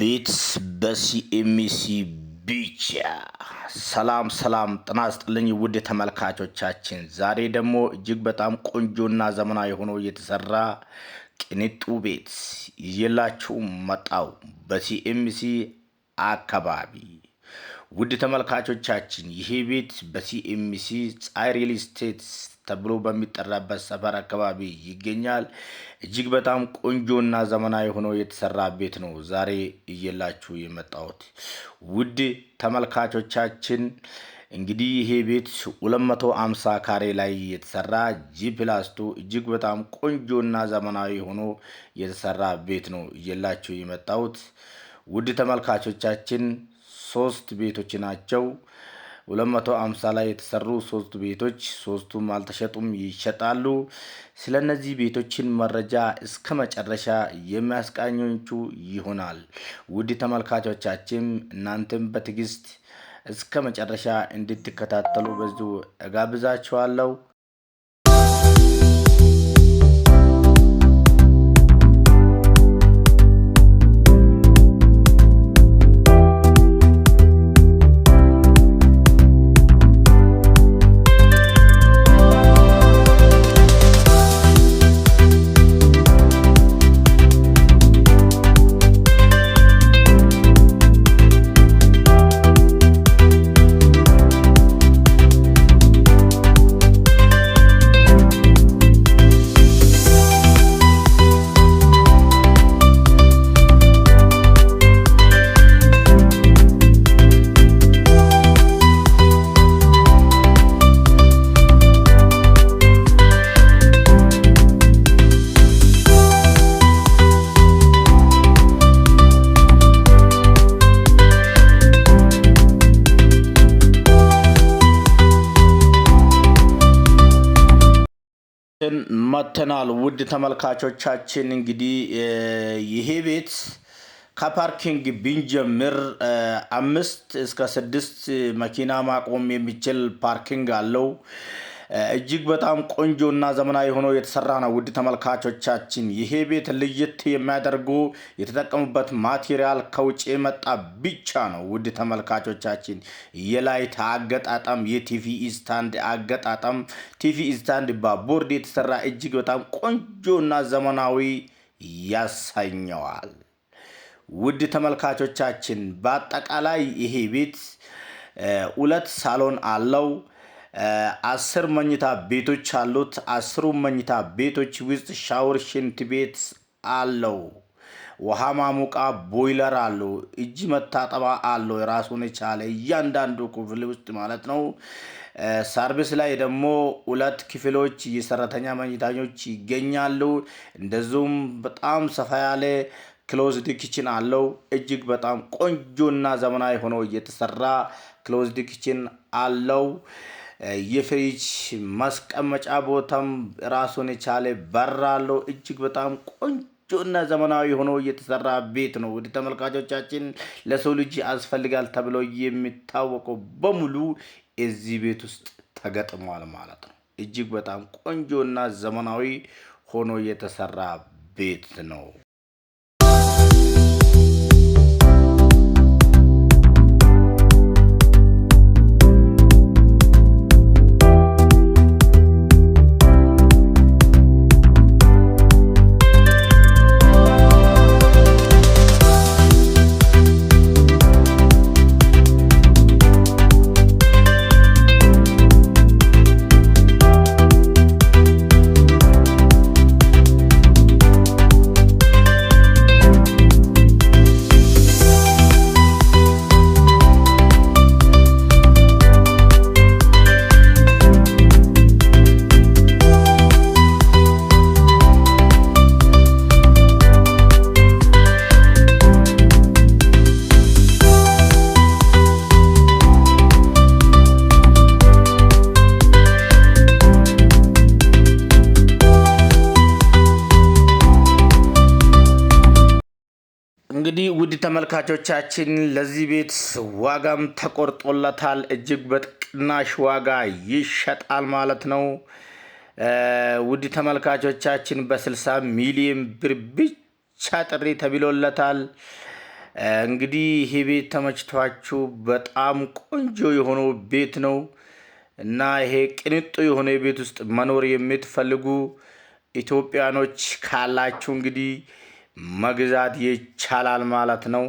ቤት በሲኤምሲ ቢቻ ሰላም ሰላም፣ ጤና ይስጥልኝ ውድ ተመልካቾቻችን፣ ዛሬ ደግሞ እጅግ በጣም ቆንጆና ዘመናዊ ሆኖ የተሰራ ቅንጡ ቤት ይዤላችሁ መጣው በሲኤምሲ አካባቢ። ውድ ተመልካቾቻችን ይሄ ቤት በሲኤምሲ ፀሐይ ሪል ስቴት ተብሎ በሚጠራበት ሰፈር አካባቢ ይገኛል። እጅግ በጣም ቆንጆና ዘመናዊ ሆኖ የተሰራ ቤት ነው ዛሬ እየላችሁ የመጣሁት ውድ ተመልካቾቻችን። እንግዲህ ይሄ ቤት 250 ካሬ ላይ የተሰራ ጂ ፕላስቱ እጅግ በጣም ቆንጆና ዘመናዊ ሆኖ የተሰራ ቤት ነው እየላችሁ የመጣሁት ውድ ተመልካቾቻችን ሶስት ቤቶች ናቸው። 250 ላይ የተሰሩ ሶስት ቤቶች ሶስቱም አልተሸጡም፣ ይሸጣሉ። ስለ እነዚህ ቤቶችን መረጃ እስከ መጨረሻ የሚያስቃኞቹ ይሆናል። ውድ ተመልካቾቻችን እናንተም በትዕግስት እስከ መጨረሻ እንድትከታተሉ በዚሁ እጋብዛችኋለሁ። መተናል ውድ ተመልካቾቻችን እንግዲህ ይሄ ቤት ከፓርኪንግ ቢንጀምር አምስት እስከ ስድስት መኪና ማቆም የሚችል ፓርኪንግ አለው። እጅግ በጣም ቆንጆና ዘመናዊ ሆኖ የተሰራ ነው። ውድ ተመልካቾቻችን ይሄ ቤት ልየት የሚያደርጉ የተጠቀሙበት ማቴሪያል ከውጭ የመጣ ብቻ ነው። ውድ ተመልካቾቻችን የላይት አገጣጠም፣ የቲቪ ስታንድ አገጣጠም፣ ቲቪ ኢስታንድ በቦርድ የተሰራ እጅግ በጣም ቆንጆና ዘመናዊ ያሰኘዋል። ውድ ተመልካቾቻችን በአጠቃላይ ይሄ ቤት ሁለት ሳሎን አለው። አስር መኝታ ቤቶች አሉት። አስሩ መኝታ ቤቶች ውስጥ ሻወር፣ ሽንት ቤት አለው። ውሃ ማሞቃ ቦይለር አለው። እጅ መታጠባ አለው። የራሱን የቻለ እያንዳንዱ ክፍል ውስጥ ማለት ነው። ሰርቪስ ላይ ደግሞ ሁለት ክፍሎች የሰራተኛ መኝታኞች ይገኛሉ። እንደዚሁም በጣም ሰፋ ያለ ክሎዝድ ኪችን አለው። እጅግ በጣም ቆንጆና ዘመናዊ ሆኖ እየተሰራ ክሎዝድ ኪችን አለው። የፍሪጅ ማስቀመጫ ቦታም ራሱን የቻለ በር አለው። እጅግ በጣም ቆንጆ እና ዘመናዊ ሆኖ እየተሰራ ቤት ነው። ውድ ተመልካቾቻችን ለሰው ልጅ ያስፈልጋል ተብለው የሚታወቀው በሙሉ እዚህ ቤት ውስጥ ተገጥሟል ማለት ነው። እጅግ በጣም ቆንጆ እና ዘመናዊ ሆኖ የተሰራ ቤት ነው። ውድ ተመልካቾቻችን ለዚህ ቤት ዋጋም ተቆርጦለታል። እጅግ በቅናሽ ዋጋ ይሸጣል ማለት ነው። ውድ ተመልካቾቻችን በ60 ሚሊዮን ብር ብቻ ጥሪ ተብሎለታል። እንግዲህ ይሄ ቤት ተመችቷችሁ በጣም ቆንጆ የሆነው ቤት ነው እና ይሄ ቅንጡ የሆነ ቤት ውስጥ መኖር የምትፈልጉ ኢትዮጵያኖች ካላችሁ እንግዲህ መግዛት ይቻላል ማለት ነው።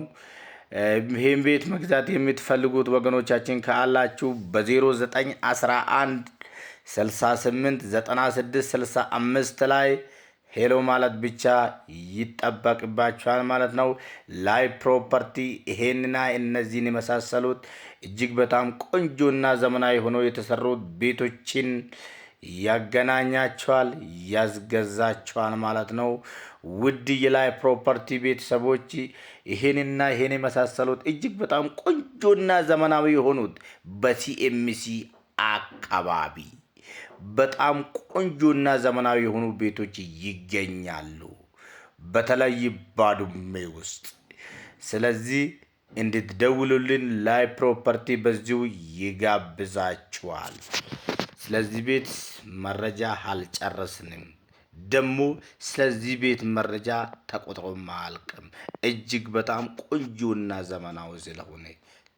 ይህም ቤት መግዛት የምትፈልጉት ወገኖቻችን ካላችሁ በ0911 68 96 65 ላይ ሄሎ ማለት ብቻ ይጠበቅባችኋል ማለት ነው። ላይ ፕሮፐርቲ ይሄንና እነዚህን የመሳሰሉት እጅግ በጣም ቆንጆና ዘመናዊ ሆኖ የተሰሩት ቤቶችን ያገናኛችኋል፣ ያስገዛችኋል ማለት ነው። ውድ የላይ ፕሮፐርቲ ቤተሰቦች ይሄንና ይሄን የመሳሰሉት እጅግ በጣም ቆንጆና ዘመናዊ የሆኑት በሲኤምሲ አካባቢ በጣም ቆንጆና ዘመናዊ የሆኑ ቤቶች ይገኛሉ፣ በተለይ ባዱሜ ውስጥ። ስለዚህ እንድትደውሉልን ላይ ፕሮፐርቲ በዚሁ ይጋብዛችኋል። ስለዚህ ቤት መረጃ አልጨረስንም። ደግሞ ስለዚህ ቤት መረጃ ተቆጥሮም አያልቅም። እጅግ በጣም ቆንጆና ዘመናዊ ስለሆነ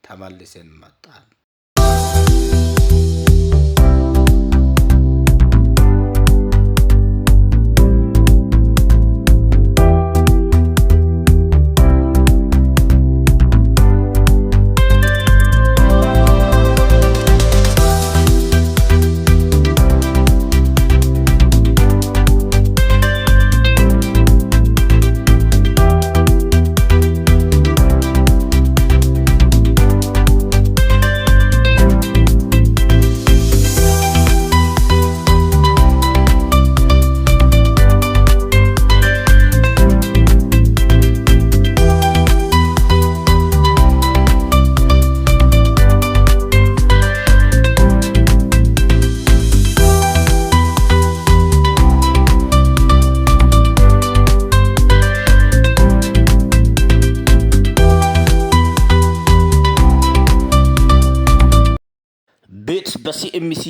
ተመልሰን መጣን።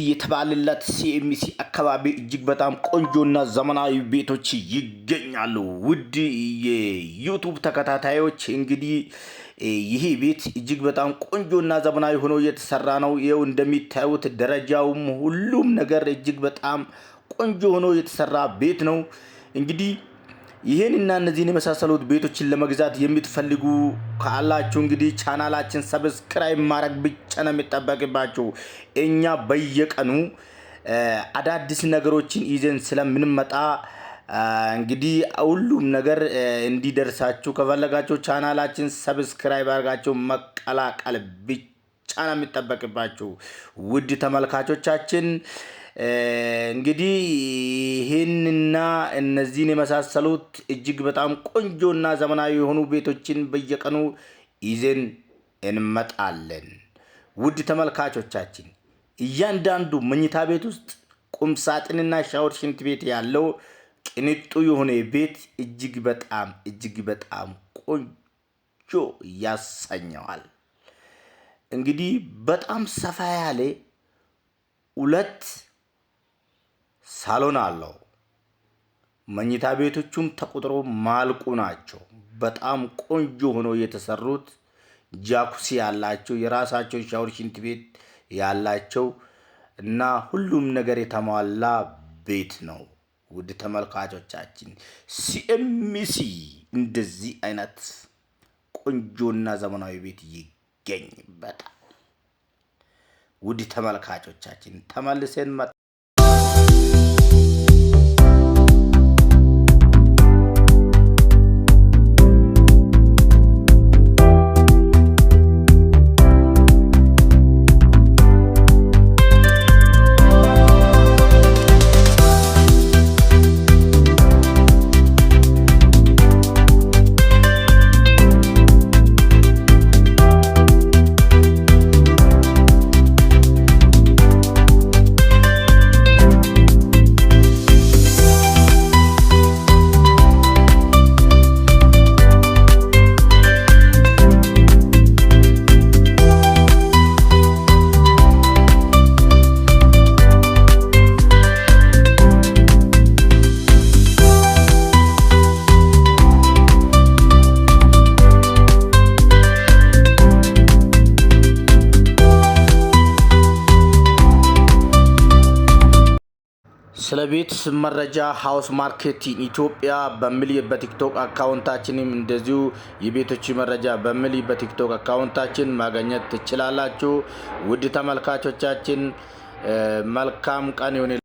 የተባለለት ሲኤምሲ አካባቢ እጅግ በጣም ቆንጆና ዘመናዊ ቤቶች ይገኛሉ። ውድ የዩቱብ ተከታታዮች እንግዲህ ይህ ቤት እጅግ በጣም ቆንጆና ዘመናዊ ሆኖ የተሰራ ነው። ይኸው እንደሚታዩት ደረጃውም ሁሉም ነገር እጅግ በጣም ቆንጆ ሆኖ የተሰራ ቤት ነው እንግዲህ ይህን እና እነዚህን የመሳሰሉት ቤቶችን ለመግዛት የምትፈልጉ ካላችሁ እንግዲህ ቻናላችን ሰብስክራይብ ማድረግ ብቻ ነው የሚጠበቅባችሁ። እኛ በየቀኑ አዳዲስ ነገሮችን ይዘን ስለምንመጣ እንግዲህ ሁሉም ነገር እንዲደርሳችሁ ከፈለጋችሁ ቻናላችን ሰብስክራይብ አድርጋችሁ መቀላቀል ብቻ ነው የሚጠበቅባችሁ ውድ ተመልካቾቻችን እንግዲህ ይህንና እነዚህን የመሳሰሉት እጅግ በጣም ቆንጆና ዘመናዊ የሆኑ ቤቶችን በየቀኑ ይዘን እንመጣለን። ውድ ተመልካቾቻችን እያንዳንዱ መኝታ ቤት ውስጥ ቁም ሳጥንና ሻወር፣ ሽንት ቤት ያለው ቅንጡ የሆነ ቤት እጅግ በጣም እጅግ በጣም ቆንጆ ያሰኘዋል። እንግዲህ በጣም ሰፋ ያለ ሁለት ሳሎን አለው። መኝታ ቤቶቹም ተቆጥሮ ማልቁ ናቸው። በጣም ቆንጆ ሆኖ የተሰሩት ጃኩሲ ያላቸው የራሳቸው ሻወር፣ ሽንት ቤት ያላቸው እና ሁሉም ነገር የተሟላ ቤት ነው። ውድ ተመልካቾቻችን ሲኤምሲ እንደዚህ አይነት ቆንጆና ዘመናዊ ቤት ይገኝበታል። ውድ ተመልካቾቻችን ተመልሰን ስለ ቤት መረጃ ሃውስ ማርኬት ኢትዮጵያ በሚል በቲክቶክ አካውንታችንም እንደዚሁ የቤቶች መረጃ በሚል በቲክቶክ አካውንታችን ማግኘት ትችላላችሁ። ውድ ተመልካቾቻችን መልካም ቀን ይሁን።